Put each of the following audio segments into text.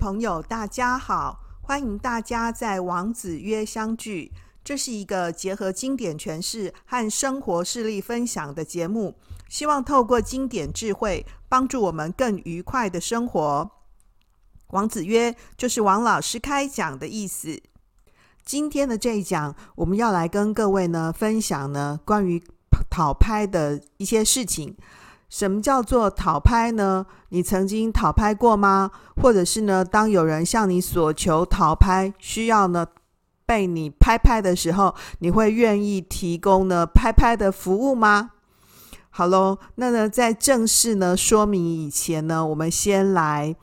朋友，大家好！歡迎大家在王子曰相聚。這是一個結合經典詮釋和生活事例分享的節目，希望透過經典智慧，幫助我們更愉快的生活。王子曰就是王老師開講的意思。今天的這一講，我們要來跟各位呢分享呢關於討拍的一些事情。什麼叫做討拍呢？你曾經討拍過嗎？或者是呢，當有人向你索求討拍，需要呢被你拍拍的時候，你會願意提供呢拍拍的服務嗎？好嘍，那呢，在正式呢說明以前呢，我們先來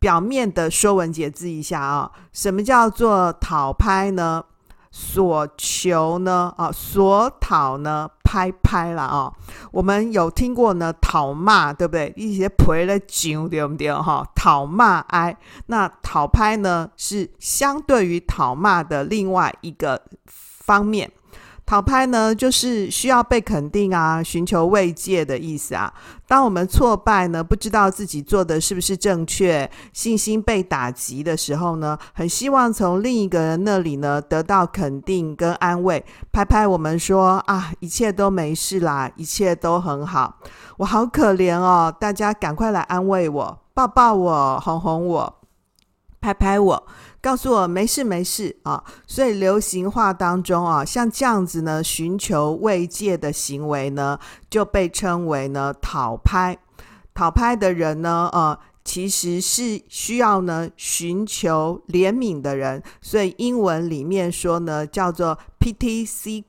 表面的說文解字一下啊、哦，什麼叫做討拍呢？索求呢？啊，索討呢？拍拍了啊、哦，我們有聽過呢，討罵對不對？一些賠了賬對不對哈？討罵哎，那討拍呢是相對於討罵的另外一個方面。討拍呢，就是需要被肯定啊，尋求慰藉的意思啊。當我們挫敗呢，不知道自己做的是不是正確，信心被打擊的時候呢，很希望從另一個人那裡呢得到肯定跟安慰，拍拍我們說啊，一切都沒事啦，一切都很好，我好可憐哦，大家趕快來安慰我，抱抱我，哄哄我，拍拍我。告訴我沒事沒事啊，所以流行話當中啊，像這樣子呢，尋求慰藉的行為呢，就被稱為呢討拍。討拍的人呢，呃、啊，其實是需要呢尋求憐憫的人，所以英文裡面說呢，叫做 PTC。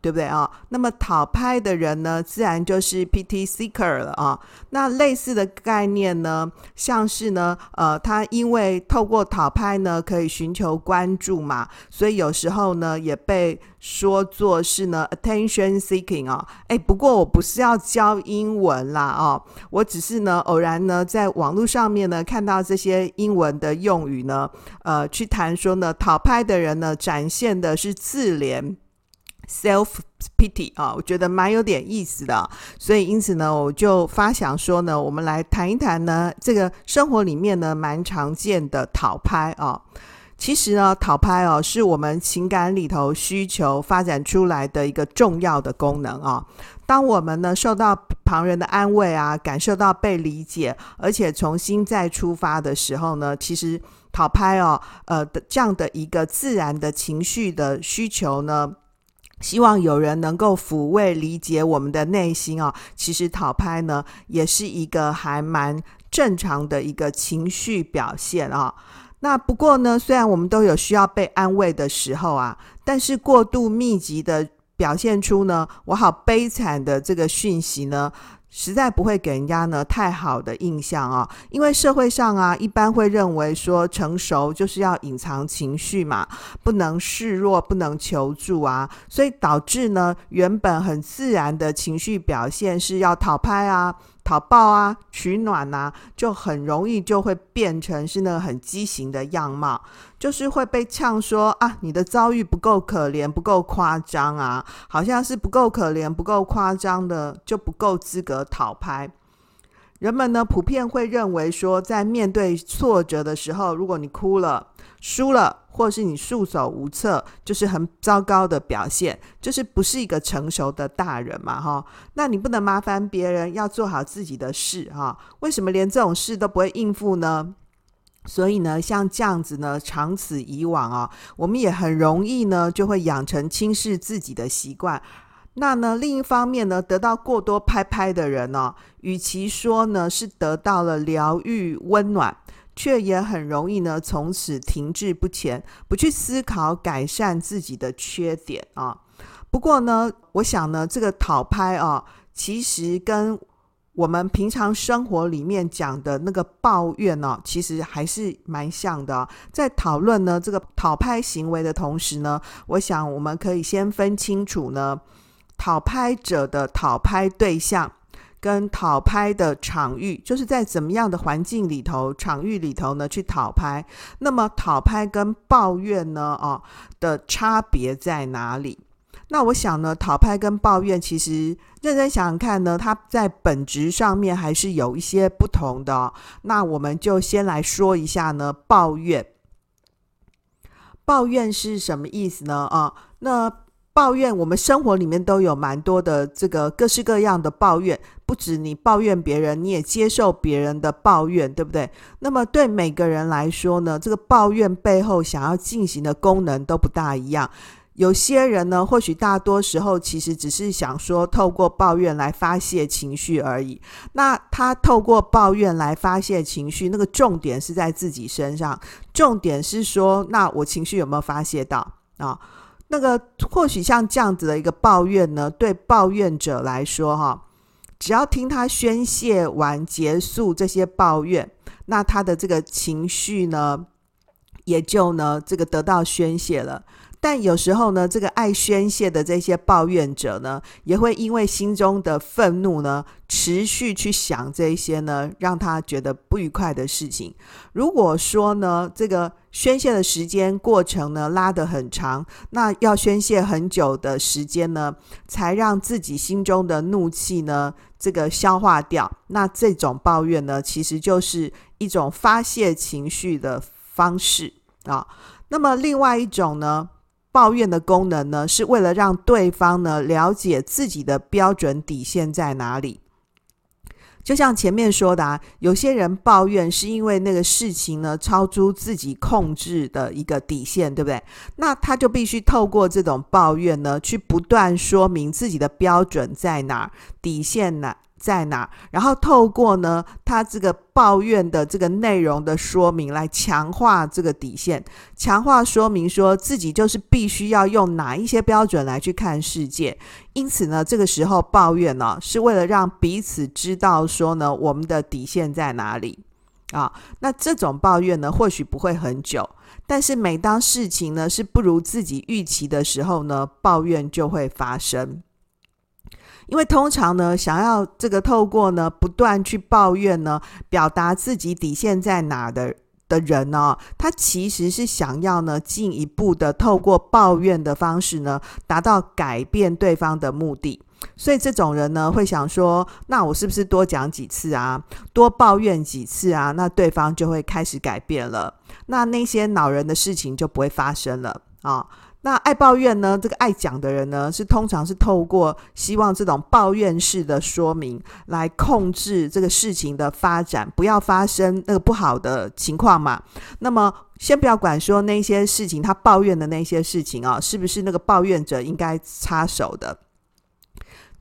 對不對啊、哦？那麼討拍的人呢，自然就是 PT seeker 了啊、哦。那類似的概念呢，像是呢，呃，他因為透過討拍呢，可以尋求關注嘛，所以有時候呢，也被說作是呢 attention seeking 啊、哦。誒，不過我不是要教英文啦，哦，我只是呢，偶然呢，在網絡上面呢，看到這些英文的用語呢，呃，去談說呢，討拍的人呢，展現的是自憐。self pity 啊，我覺得蠻有點意思的，所以因此呢，我就發想說呢，我們來談一談呢，這個生活裡面呢，蠻常見的討拍啊。其實呢，討拍哦、啊，是我們情感裡頭需求發展出來的一個重要的功能啊。當我們呢，受到旁人的安慰啊，感受到被理解，而且重新再出發的時候呢，其實討拍哦、啊，呃的這樣的一個自然的情緒的需求呢。希望有人能夠撫慰理解我們的內心啊！其實討拍呢，也是一個還蠻正常的一個情緒表現啊。那不過呢，雖然我們都有需要被安慰的時候啊，但是過度密集的表現出呢，我好悲慘的這個訊息呢。實在不會給人家呢太好的印象啊、哦，因為社會上啊一般會認為說，成熟就是要隱藏情緒嘛，不能示弱，不能求助啊，所以導致呢原本很自然的情緒表現是要討拍啊。討拍啊，取暖啊，就很容易就會變成是那個很畸形的樣貌，就是會被嗆說啊，你的遭遇不夠可憐，不夠誇張啊，好像是不夠可憐、不夠誇張的，就不夠資格討拍。人們呢，普遍會認為說，在面對挫折的時候，如果你哭了，輸了，或是你束手無策，就是很糟糕的表現，就是不是一個成熟的大人嘛，哈、哦。那你不能麻煩別人，要做好自己的事哈、哦。為什麼連這種事都不會應付呢？所以呢，像這樣子呢，長此以往啊、哦，我們也很容易呢，就會養成輕視自己的習慣。那呢，另一方面呢，得到過多拍拍的人呢、哦，與其說呢是得到了療癒溫暖。卻也很容易呢，從此停滯不前，不去思考改善自己的缺點啊。不過呢，我想呢，這個討拍啊，其實跟我們平常生活裡面講的那個抱怨呢、啊，其實還是蠻像的、啊。在討論呢這個討拍行為的同時呢，我想我們可以先分清楚呢，討拍者的討拍對象。跟討拍的場域，就是在怎麼樣的環境裡頭、場域裡頭呢？去討拍，那麼討拍跟抱怨呢？哦，的差別在哪裡？那我想呢，討拍跟抱怨其實認真想想看呢，它在本質上面還是有一些不同的哦。那我們就先來說一下呢，抱怨，抱怨是什麼意思呢？啊、哦，那。抱怨，我們生活裡面都有蠻多的這個各式各樣的抱怨，不止你抱怨別人，你也接受別人的抱怨，對不對？那麼，對每個人來說呢，這個抱怨背後想要進行的功能都不大一樣。有些人呢，或許大多時候其實只是想說透過抱怨來發洩情緒而已。那他透過抱怨來發洩情緒，那個重點是在自己身上，重點是說，那我情緒有沒有發洩到啊？那個或許像這樣子的一個抱怨呢，對抱怨者來說，哦，哈，只要聽他宣洩完結束這些抱怨，那他的這個情緒呢，也就呢，這個得到宣洩了。但有時候呢，這個愛宣洩的這些抱怨者呢，也會因為心中的憤怒呢，持續去想這些呢，讓他覺得不愉快的事情。如果說呢，這個宣洩的時間過程呢，拉得很長，那要宣洩很久的時間呢，才讓自己心中的怒氣呢，這個消化掉。那這種抱怨呢，其實就是一種發洩情緒的方式啊。哦，那麼另外一種呢？抱怨的功能呢，是為了讓對方呢，了解自己的標準底線在哪裡。就像前面說的啊，有些人抱怨是因為那個事情呢超出自己控制的一個底線，對不對？那他就必須透過這種抱怨呢，去不斷說明自己的標準在哪兒，底線呢？在哪？然後透過呢，他這個抱怨的這個內容的說明來強化這個底線，強化說明說自己就是必須要用哪一些標準來去看世界。因此呢，這個時候抱怨呢，啊，是為了讓彼此知道說呢，我們的底線在哪裡啊？那這種抱怨呢，或許不會很久，但是每當事情呢是不如自己預期的時候呢，抱怨就會發生。因為通常呢，想要這個透過呢不斷去抱怨呢，表達自己底線在哪的的人呢、哦，他其實是想要呢進一步的透過抱怨的方式呢，達到改變對方的目的。所以這種人呢會想說，那我是不是多講幾次啊，多抱怨幾次啊，那對方就會開始改變了，那那些惱人的事情就不會發生了啊。哦那愛抱怨呢？這個愛講的人呢，是通常是透過希望這種抱怨式的說明來控制這個事情的發展，不要發生那個不好的情況嘛。那麼，先不要管說那些事情，他抱怨的那些事情啊，是不是那個抱怨者應該插手的？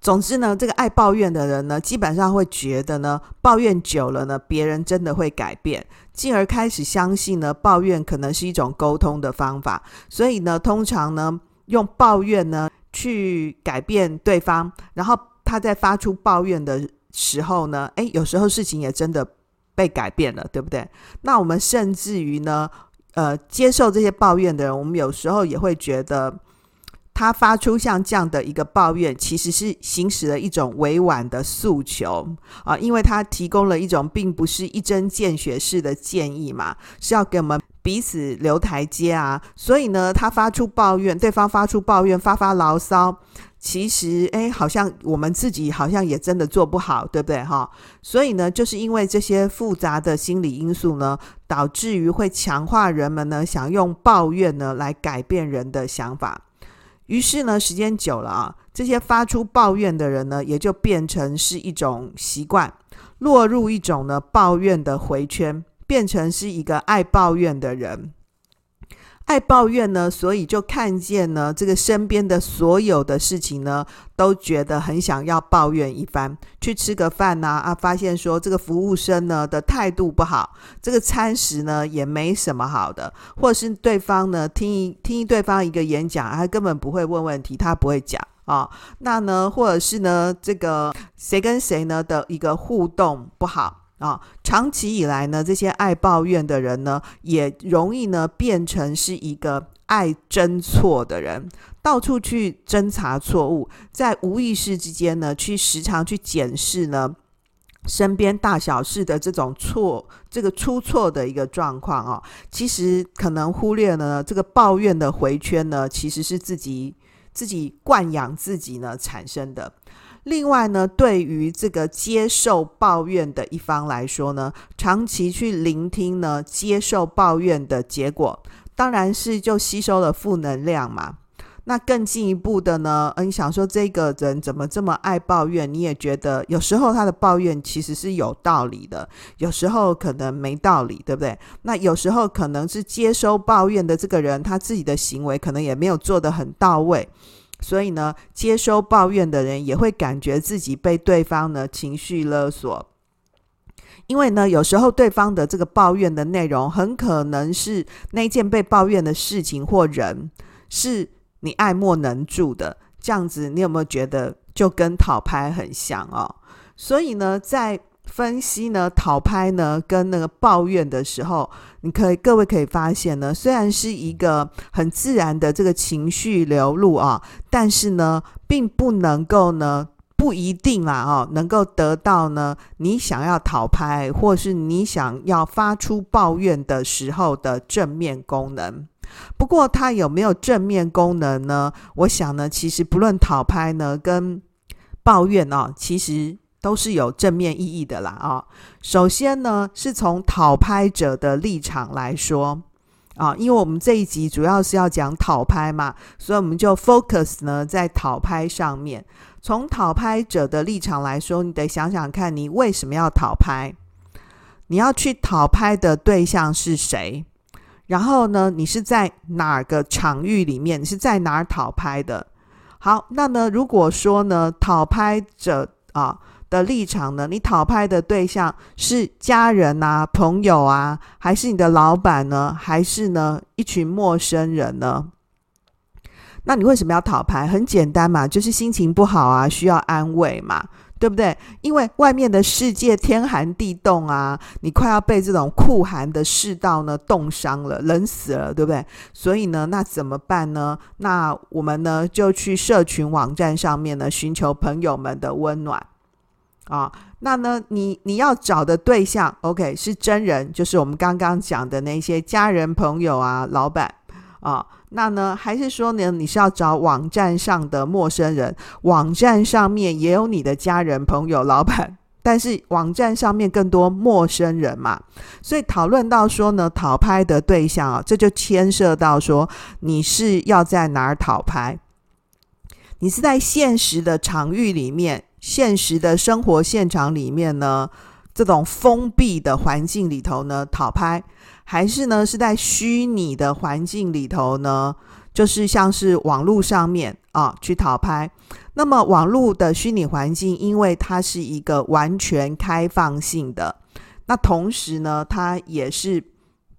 總之呢，這個愛抱怨的人呢，基本上會覺得呢，抱怨久了呢，別人真的會改變，進而開始相信呢，抱怨可能是一種溝通的方法。所以呢，通常呢，用抱怨呢去改變對方，然後他在發出抱怨的時候呢，誒，有時候事情也真的被改變了，對不對？那我們甚至於呢，呃，接受這些抱怨的人，我們有時候也會覺得，他發出像這樣的一個抱怨，其實是行使了一種委婉的訴求啊，因為他提供了一種並不是一針見血式的建議嘛，是要給我們彼此留台階啊。所以呢，他發出抱怨，對方發出抱怨，發發牢騷，其實誒，好像我們自己好像也真的做不好，對不對哈，哦？所以呢，就是因為這些複雜的心理因素呢，導致於會強化人們呢想用抱怨呢來改變人的想法。於是呢，時間久了啊，這些發出抱怨的人呢，也就變成是一種習慣，落入一種呢抱怨的回圈，變成是一個愛抱怨的人。愛抱怨呢，所以就看見呢，這個身邊的所有的事情呢，都覺得很想要抱怨一番。去吃個飯吶、啊，啊，發現說這個服務生呢的態度不好，這個餐食呢也沒什麼好的，或者是對方呢聽一聽對方一個演講，他、啊、根本不會問問題，他不會講啊、哦。那呢，或者是呢，這個誰跟誰呢的一個互動不好。啊、哦，長期以來呢，這些愛抱怨的人呢，也容易呢變成是一個愛爭錯的人，到處去偵查錯誤，在無意識之間呢，去時常去檢視呢身邊大小事的這種錯，這個出錯的一個狀況啊、哦，其實可能忽略了呢這個抱怨的回圈呢，其實是自己自己慣養自己呢產生的。另外呢，對於這個接受抱怨的一方來說呢，長期去聆聽呢，接受抱怨的結果，當然是就吸收了負能量嘛。那更進一步的呢，呃，你想說這個人怎麼這麼愛抱怨？你也覺得有時候他的抱怨其實是有道理的，有時候可能沒道理，對不對？那有時候可能是接收抱怨的這個人，他自己的行為可能也沒有做得很到位。所以呢，接收抱怨的人也會感覺自己被對方的情緒勒索，因為呢，有時候對方的這個抱怨的內容很可能是那件被抱怨的事情或人是你愛莫能助的，這樣子你有沒有覺得就跟討拍很像哦？所以呢，在。分析呢，討拍呢，跟那個抱怨的時候，你可以各位可以發現呢，雖然是一個很自然的這個情緒流露啊，但是呢，並不能夠呢，不一定啦哦，能夠得到呢你想要討拍或是你想要發出抱怨的時候的正面功能。不過它有沒有正面功能呢？我想呢，其實不論討拍呢跟抱怨啊，其實。都是有正面意義的啦啊、哦！首先呢，是從討拍者的立場來說啊、哦，因為我們這一集主要是要講討拍嘛，所以我們就 focus 呢在討拍上面。從討拍者的立場來說，你得想想看你為什麼要討拍，你要去討拍的對象是誰，然後呢，你是在哪個場域裡面，你是在哪兒討拍的？好，那麼如果說呢，討拍者啊。哦的立場呢？你討拍的對象是家人啊、朋友啊，還是你的老板呢？還是呢一群陌生人呢？那你為什麼要討拍？很簡單嘛，就是心情不好啊，需要安慰嘛，對不對？因為外面的世界天寒地凍啊，你快要被這種酷寒的世道呢凍傷了，冷死了，對不對？所以呢，那怎麼辦呢？那我們呢就去社群網站上面呢尋求朋友們的溫暖。啊、哦，那呢，你你要找的對象，OK，是真人，就是我們剛剛講的那些家人、朋友啊、老闆啊、哦，那呢，還是說呢，你是要找網站上的陌生人？網站上面也有你的家人、朋友、老闆，但是網站上面更多陌生人嘛。所以討論到說呢，討拍的對象啊、哦，這就牽涉到說你是要在哪兒討拍？你是在現實的場域裡面，現實的生活現場裡面呢，這種封閉的環境裡頭呢，討拍。還是呢，是在虛擬的環境裡頭呢，就是像是網絡上面啊去討拍。那麼網絡的虛擬環境，因為它是一個完全開放性的，那同時呢，它也是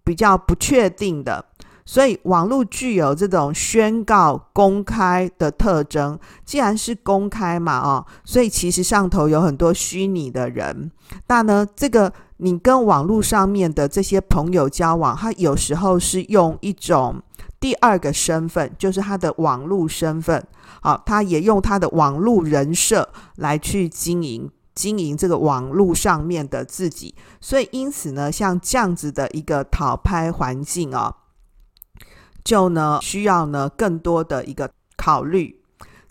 比較不確定的。所以網絡具有這種宣告公開的特徵，既然是公開嘛，哦，所以其實上頭有很多虛擬的人，但呢，這個你跟網絡上面的這些朋友交往，他有時候是用一種第二個身份，就是他的網絡身份，好、啊，他也用他的網絡人設來去經營經營這個網絡上面的自己，所以因此呢，像這樣子的一個討拍環境哦。就呢，需要呢更多的一個考慮。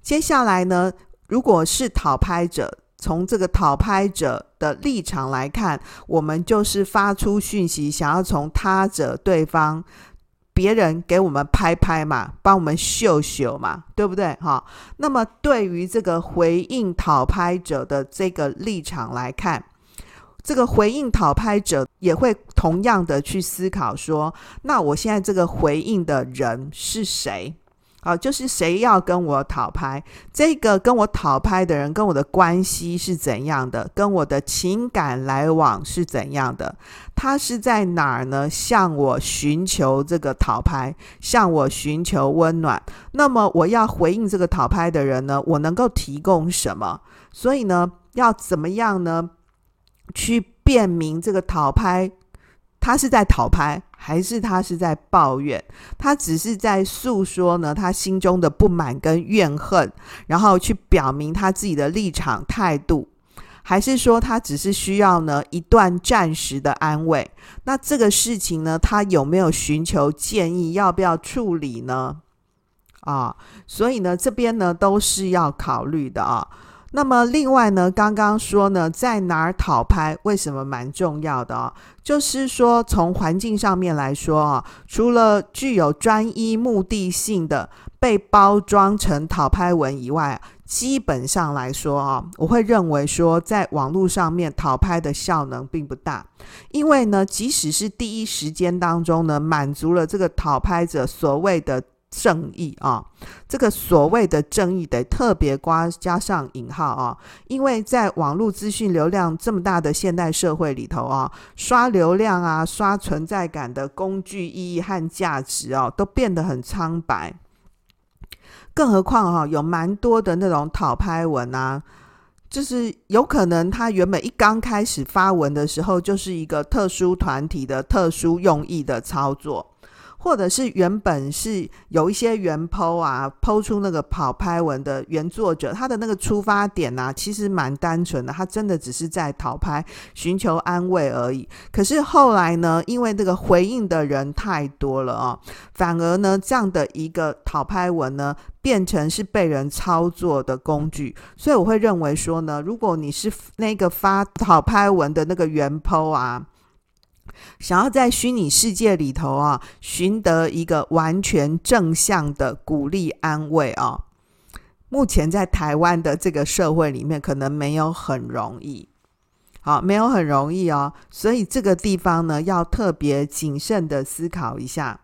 接下來呢，如果是討拍者，從這個討拍者的立場來看，我們就是發出訊息，想要從他者、對方、別人給我們拍拍嘛，幫我們惜惜嘛，對不對？哈、哦。那麼，對於這個回應討拍者的這個立場來看。這個回應討拍者也會同樣的去思考說：那我現在這個回應的人是誰？好、啊，就是誰要跟我討拍？這個跟我討拍的人跟我的關係是怎樣的？跟我的情感來往是怎樣的？他是在哪兒呢？向我尋求這個討拍，向我尋求溫暖。那麼我要回應這個討拍的人呢？我能夠提供什麼？所以呢，要怎麼樣呢？去辨明這個討拍，他是在討拍，還是他是在抱怨？他只是在訴說呢，他心中的不滿跟怨恨，然後去表明他自己的立場態度，還是說他只是需要呢一段暫時的安慰？那這個事情呢，他有沒有尋求建議？要不要處理呢？啊，所以呢，這邊呢都是要考慮的啊。那麼另外呢，剛剛說呢，在哪兒討拍，為什麼蠻重要的哦？就是說，從環境上面來說啊哦，除了具有專一目的性的被包裝成討拍文以外，基本上來說啊哦，我會認為說，在網絡上面討拍的效能並不大，因為呢，即使是第一時間當中呢，滿足了這個討拍者所謂的。正義啊，這個所謂的正義得特別刮加上引號啊，因為在網絡資訊流量這麼大的現代社會裡頭啊，刷流量啊、刷存在感的工具意義和價值啊，都變得很蒼白。更何況哈、啊，有蠻多的那種討拍文啊，就是有可能他原本一剛開始發文的時候，就是一個特殊團體的特殊用意的操作。或者是原本是有一些原 PO 啊，PO 出那個討拍文的原作者，他的那個出發點呢、啊，其實蠻單純的，他真的只是在討拍尋求安慰而已。可是後來呢，因為那個回應的人太多了哦，反而呢，這樣的一個討拍文呢，變成是被人操作的工具。所以我會認為說呢，如果你是那個發討拍文的那個原 PO 啊。想要在虛擬世界裡頭啊，尋得一個完全正向的鼓勵安慰啊，目前在台灣的這個社會裡面，可能沒有很容易，好，沒有很容易哦，所以這個地方呢，要特別謹慎的思考一下。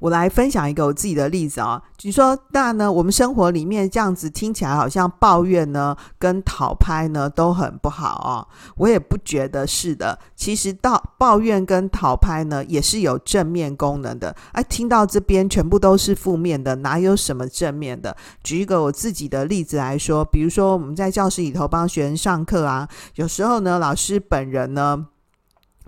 我來分享一個我自己的例子啊、哦，你說當然呢？我們生活裡面這樣子聽起來好像抱怨呢跟討拍呢都很不好啊、哦，我也不覺得是的。其實到抱怨跟討拍呢也是有正面功能的。哎、啊，聽到這邊全部都是負面的，哪有什麼正面的？舉一個我自己的例子來說，比如說我們在教室裡頭幫學生上課啊，有時候呢老師本人呢。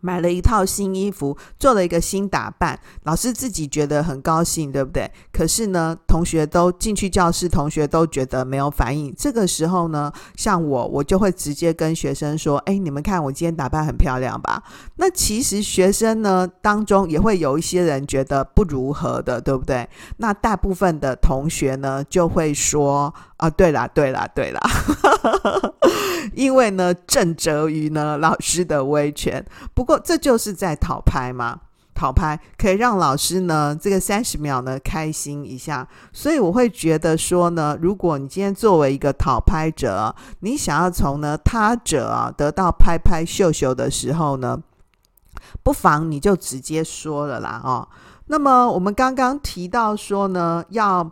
買了一套新衣服，做了一個新打扮，老師自己覺得很高興，對不對？可是呢，同學都進去教室，同學都覺得沒有反應。這個時候呢，像我，我就會直接跟學生說：“誒，你們看，我今天打扮很漂亮吧？”那其實學生呢當中也會有一些人覺得不如何的，對不對？那大部分的同學呢就會說，啊，對啦，對啦，對啦， 因為呢，正哲於呢老師的威權，不過這就是在討拍嘛，討拍可以讓老師呢這個三十秒呢開心一下，所以我會覺得說呢，如果你今天作為一個討拍者，你想要從呢他者啊得到拍拍秀秀的時候呢，不妨你就直接說了啦哦。那麼我們剛剛提到說呢，要。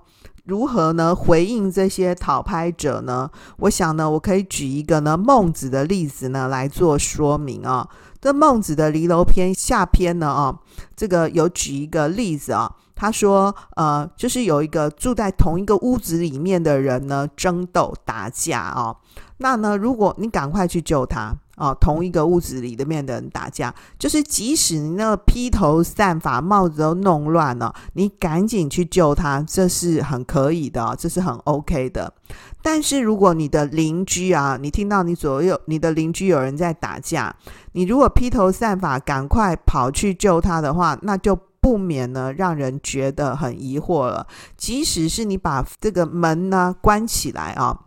如何呢回應這些討拍者呢？我想呢，我可以舉一個呢孟子的例子呢來做說明啊，這孟子的離婁篇下篇呢啊，這個有舉一個例子啊。他說：“呃，就是有一個住在同一個屋子裡面的人呢，爭鬥打架啊、哦。那呢，如果你趕快去救他啊、哦，同一個屋子裡的面的人打架，就是即使你那個披頭散髮、帽子都弄亂了，你趕緊去救他，這是很可以的、哦，這是很 OK 的。但是如果你的鄰居啊，你聽到你左右你的鄰居有人在打架，你如果披頭散髮，趕快跑去救他的話，那就。”不免呢，讓人覺得很疑惑了。即使是你把這個門呢關起來啊，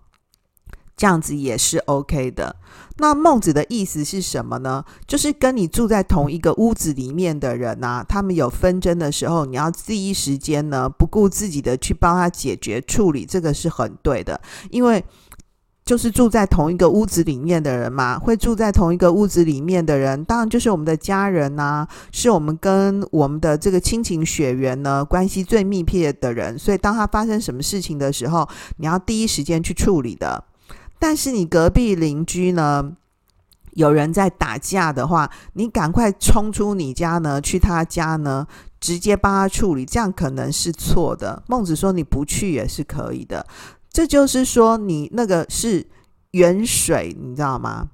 這樣子也是 OK 的。那孟子的意思是什麼呢？就是跟你住在同一個屋子裡面的人吶啊，他們有紛爭的時候，你要第一時間呢，不顧自己的去幫他解決處理，這個是很對的，因為。就是住在同一個屋子裡面的人嘛，會住在同一個屋子裡面的人，當然就是我們的家人吶、啊，是我們跟我們的這個親情血緣呢關係最密切的人。所以，當他發生什麼事情的時候，你要第一時間去處理的。但是，你隔壁鄰居呢，有人在打架的話，你趕快衝出你家呢，去他家呢，直接幫他處理，這樣可能是錯的。孟子說，你不去也是可以的。這就是說，你那個是遠水，你知道嗎？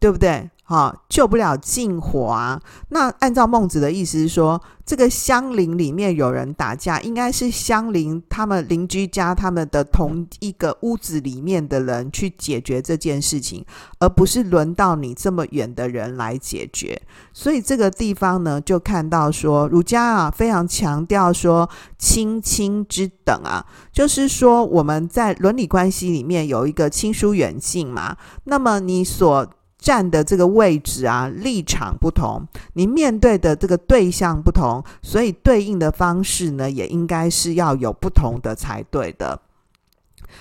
對不對？好、哦，救不了近火。啊。那按照孟子的意思是說，這個鄉鄰裡面有人打架，應該是鄉鄰他們鄰居家他們的同一個屋子裡面的人去解決這件事情，而不是輪到你這麼遠的人來解決。所以這個地方呢，就看到說，儒家啊非常強調說，親親之等啊，就是說我們在倫理關係裡面有一個親疏遠近嘛。那麼你所站的這個位置啊，立場不同，你面對的這個對象不同，所以對應的方式呢，也應該是要有不同的才對的。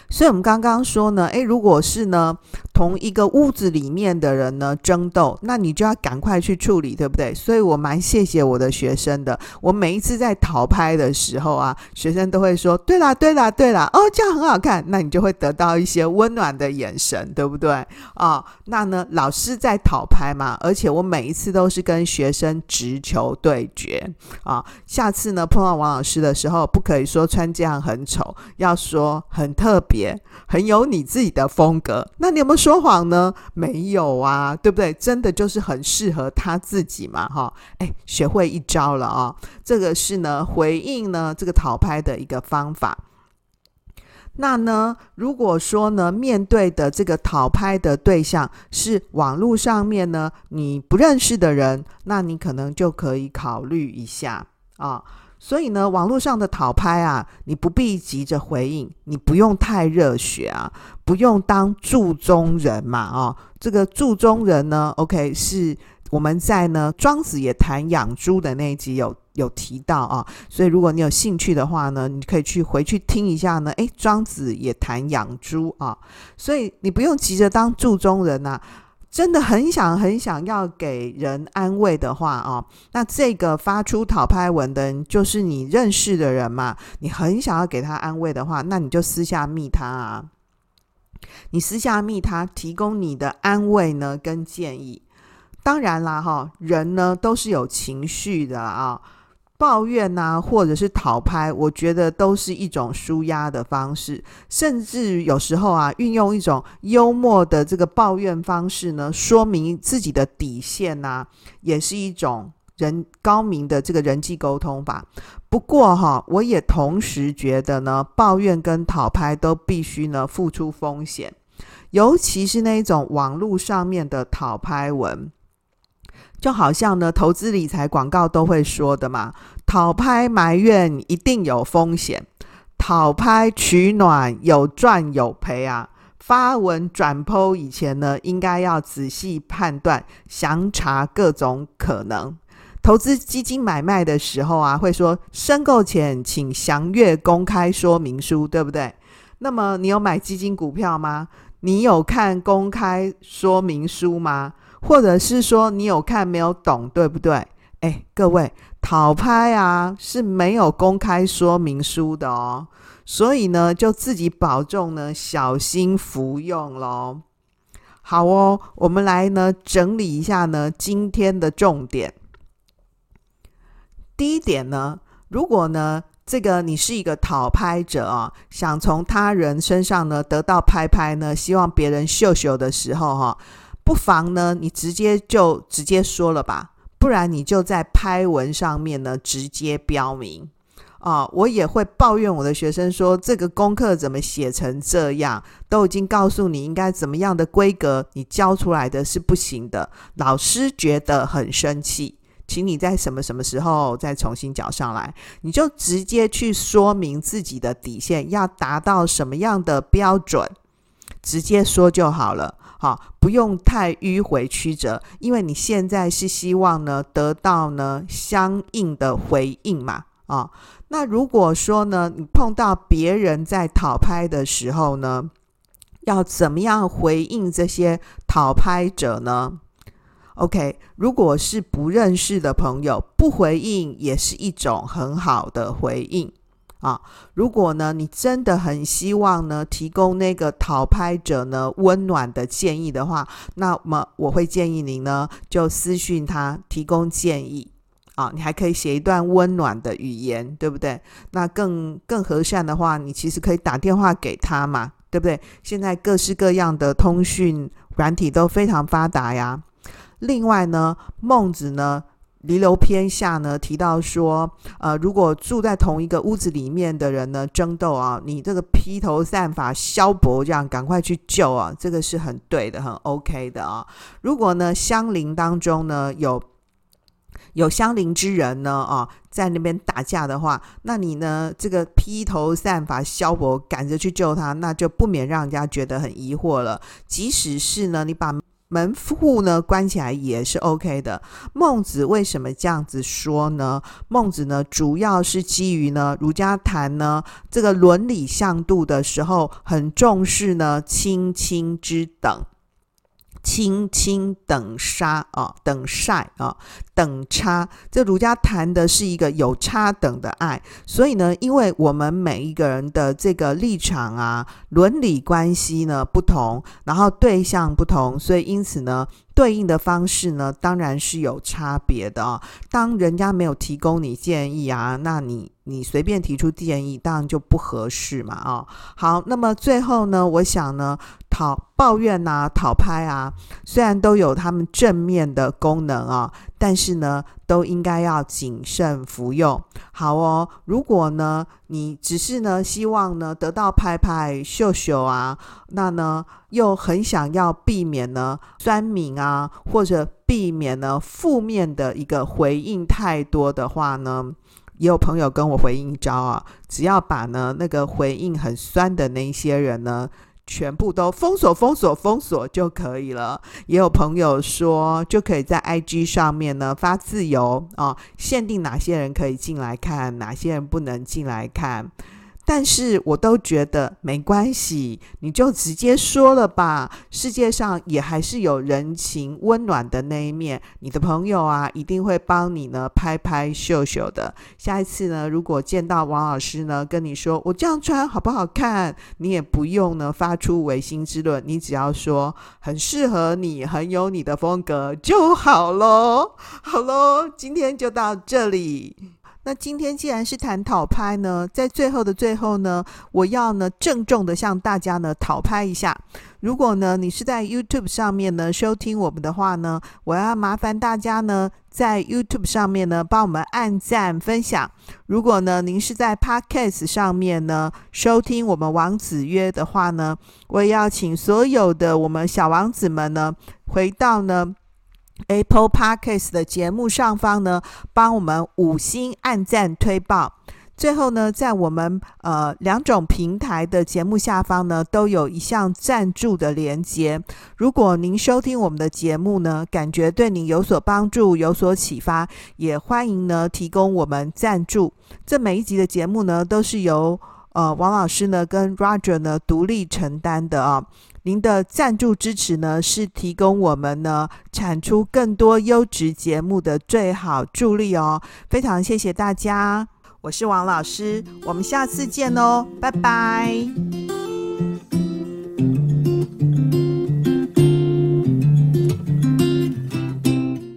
所以我們剛剛說呢，誒，如果是呢，同一個屋子裡面的人呢爭鬥，那你就要趕快去處理，對不對？所以我蠻謝謝我的學生的。我每一次在討拍的時候啊，學生都會說：“對啦，對啦，對啦，哦，這樣很好看。”那你就會得到一些溫暖的眼神，對不對？啊、哦，那呢，老師在討拍嘛，而且我每一次都是跟學生直球對決啊、哦。下次呢，碰到王老師的時候，不可以說穿這樣很醜，要說很特別，很有你自己的風格。那你有沒有？說謊呢？沒有啊，對不對？真的就是很適合他自己嘛，哈、哦！哎，學會一招了啊、哦，這個是呢回應呢這個討拍的一個方法。那呢，如果說呢面對的這個討拍的對象是網絡上面呢你不認識的人，那你可能就可以考慮一下啊。哦所以呢，網絡上的討拍啊，你不必急着回應，你不用太熱血啊，不用當祝宗人嘛、哦，啊，這個祝宗人呢，OK 是我們在呢莊子也談養豬的那一集有有提到啊，所以如果你有興趣的話呢，你可以去回去聽一下呢，哎，莊子也談養豬啊，所以你不用急着當祝宗人吶、啊。真的很想很想要給人安慰的話啊、哦，那這個發出討拍文的人就是你認識的人嘛。你很想要給他安慰的話，那你就私下密他啊。你私下密他，提供你的安慰呢跟建議。當然啦、哦，哈，人呢都是有情緒的啊、哦。抱怨吶、啊，或者是討拍，我覺得都是一種舒壓的方式。甚至有時候啊，運用一種幽默的這個抱怨方式呢，說明自己的底線吶、啊，也是一種人高明的這個人際溝通法。不過哈、啊，我也同時覺得呢，抱怨跟討拍都必須呢付出風險，尤其是那一種網絡上面的討拍文。就好像呢，投資理財廣告都會說的嘛，討拍埋怨一定有風險，討拍取暖有賺有賠啊。發文轉 PO 以前呢，應該要仔細判斷，詳查各種可能。投資基金買賣的時候啊，會說申購前請詳閱公開說明書，對不對？那麼你有買基金股票嗎？你有看公開說明書嗎？或者是說你有看沒有懂，對不對？誒，各位，討拍啊是沒有公開說明書的哦，所以呢，就自己保重呢，小心服用嘍。好哦，我們來呢整理一下呢今天的重點。第一點呢，如果呢這個你是一個討拍者啊，想從他人身上呢得到拍拍呢，希望別人秀秀的時候哈、啊。不妨呢，你直接就直接說了吧，不然你就在拍文上面呢直接標明啊。我也會抱怨我的學生說，這個功課怎麼寫成這樣？都已經告訴你應該怎麼樣的規格，你教出來的是不行的，老師覺得很生氣。請你在什麼什麼時候再重新交上來。你就直接去說明自己的底線要達到什麼樣的標準，直接說就好了。好，不用太迂回曲折，因為你現在是希望呢得到呢相應的回應嘛？啊、哦，那如果說呢你碰到別人在討拍的時候呢，要怎麼樣回應這些討拍者呢？OK，如果是不認識的朋友，不回應也是一種很好的回應。啊，如果呢，你真的很希望呢，提供那個討拍者呢溫暖的建議的話，那麼我會建議你呢，就私訊他提供建議。啊，你還可以寫一段溫暖的語言，對不對？那更更和善的話，你其實可以打電話給他嘛，對不對？現在各式各樣的通訊軟體都非常發達呀。另外呢，孟子呢，離婁篇下呢提到說，呃，如果住在同一個屋子裡面的人呢爭鬥啊，你這個披頭散髮消、蕭伯這樣趕快去救啊，這個是很對的，很 OK 的啊。如果呢相鄰當中呢有有相鄰之人呢啊，在那邊打架的話，那你呢這個披頭散髮消、蕭伯趕着去救他，那就不免讓人家覺得很疑惑了。即使是呢，你把門戶呢關起來也是 OK 的。孟子為什麼這樣子說呢？孟子呢，主要是基於呢，儒家談呢這個倫理向度的時候，很重視呢親親之等，親親等殺啊，等曬啊。等差，這儒家談的是一個有差等的愛，所以呢，因為我們每一個人的這個立場啊、倫理關係呢不同，然後對象不同，所以因此呢，對應的方式呢當然是有差別的啊、哦。當人家沒有提供你建議啊，那你你隨便提出建議，當然就不合適嘛啊、哦。好，那麼最後呢，我想呢，討抱怨吶、啊、討拍啊，雖然都有他們正面的功能啊。但是呢，都應該要謹慎服用。好哦，如果呢，你只是呢希望呢得到拍拍惜惜啊，那呢又很想要避免呢酸民啊，或者避免呢負面的一個回應太多的話呢，也有朋友跟我回應一招啊，只要把呢那個回應很酸的那一些人呢。全部都封鎖、封鎖、封鎖就可以了。也有朋友說，就可以在 IG 上面呢發自由啊、哦，限定哪些人可以進來看，哪些人不能進來看。但是我都覺得沒關係，你就直接說了吧。世界上也還是有人情溫暖的那一面，你的朋友啊，一定會幫你呢，拍拍秀秀的。下一次呢，如果見到王老師呢，跟你說我這樣穿好不好看，你也不用呢發出違心之論，你只要說很適合你，很有你的風格就好嘍。好嘍，今天就到這裡。那今天既然是談討拍呢，在最後的最後呢，我要呢鄭重的向大家呢討拍一下。如果呢你是在 YouTube 上面呢收聽我們的話呢，我要麻煩大家呢在 YouTube 上面呢幫我們按贊分享。如果呢您是在 Podcast 上面呢收聽我們王子曰的話呢，我也要請所有的我們小王子們呢回到呢。Apple Podcast 的節目上方呢，幫我們五星按讚推爆。最後呢，在我們呃兩種平台的節目下方呢，都有一項贊助的連結。如果您收聽我們的節目呢，感覺對您有所幫助、有所啟發，也歡迎呢提供我們贊助。這每一集的節目呢，都是由呃王老師呢跟 Roger 呢獨立承擔的啊。您的贊助支持呢，是提供我們呢產出更多優質節目的最好助力哦。非常謝謝大家，我是王老師，我們下次見哦，拜拜。